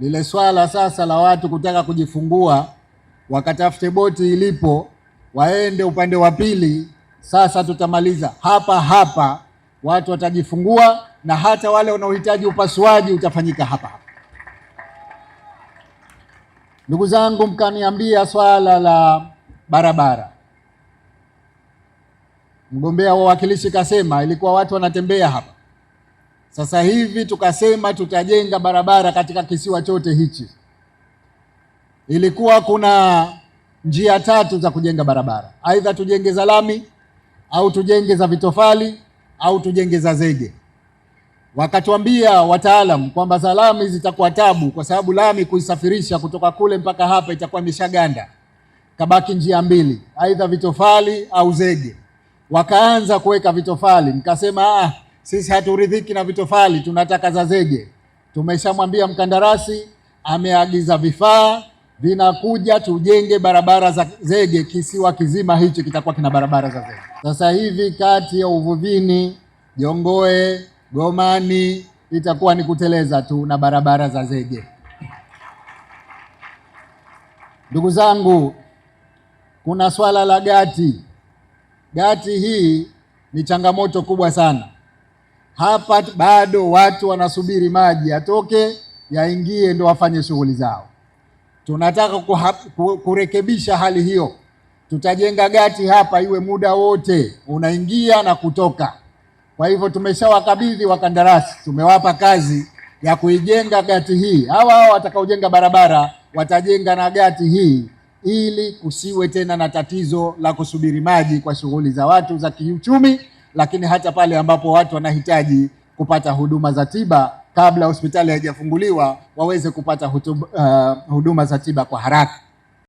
lile swala sasa la watu kutaka kujifungua wakatafute boti ilipo, waende upande wa pili. Sasa tutamaliza hapa hapa, watu watajifungua na hata wale wanaohitaji upasuaji utafanyika hapa hapa. Ndugu zangu, mkaniambia swala la barabara, mgombea wa wakilishi kasema ilikuwa watu wanatembea hapa sasa hivi tukasema tutajenga barabara katika kisiwa chote hichi. Ilikuwa kuna njia tatu za kujenga barabara, aidha tujenge za lami au tujenge za vitofali au tujenge za zege. Wakatuambia wataalam kwamba za lami zitakuwa tabu, kwa sababu lami kuisafirisha kutoka kule mpaka hapa itakuwa imeshaganda, kabaki njia mbili, aidha vitofali au zege. Wakaanza kuweka vitofali, nikasema ah sisi haturidhiki na vitofali, tunataka za zege. Tumeshamwambia mkandarasi, ameagiza vifaa vinakuja, tujenge barabara za zege. Kisiwa kizima hichi kitakuwa kina barabara za zege. Sasa hivi kati ya Uvuvini, Jongoe, Gomani itakuwa ni kuteleza tu na barabara za zege. Ndugu zangu, kuna swala la gati. Gati hii ni changamoto kubwa sana. Hapa bado watu wanasubiri maji yatoke yaingie ndo wafanye shughuli zao. Tunataka kurekebisha hali hiyo. Tutajenga gati hapa iwe muda wote unaingia na kutoka. Kwa hivyo tumeshawakabidhi wakandarasi, tumewapa kazi ya kuijenga gati hii. Hawa hawa watakaojenga barabara watajenga na gati hii, ili kusiwe tena na tatizo la kusubiri maji kwa shughuli za watu za kiuchumi lakini hata pale ambapo watu wanahitaji kupata huduma za tiba kabla hospitali haijafunguliwa waweze kupata hutuba, uh, huduma za tiba kwa haraka.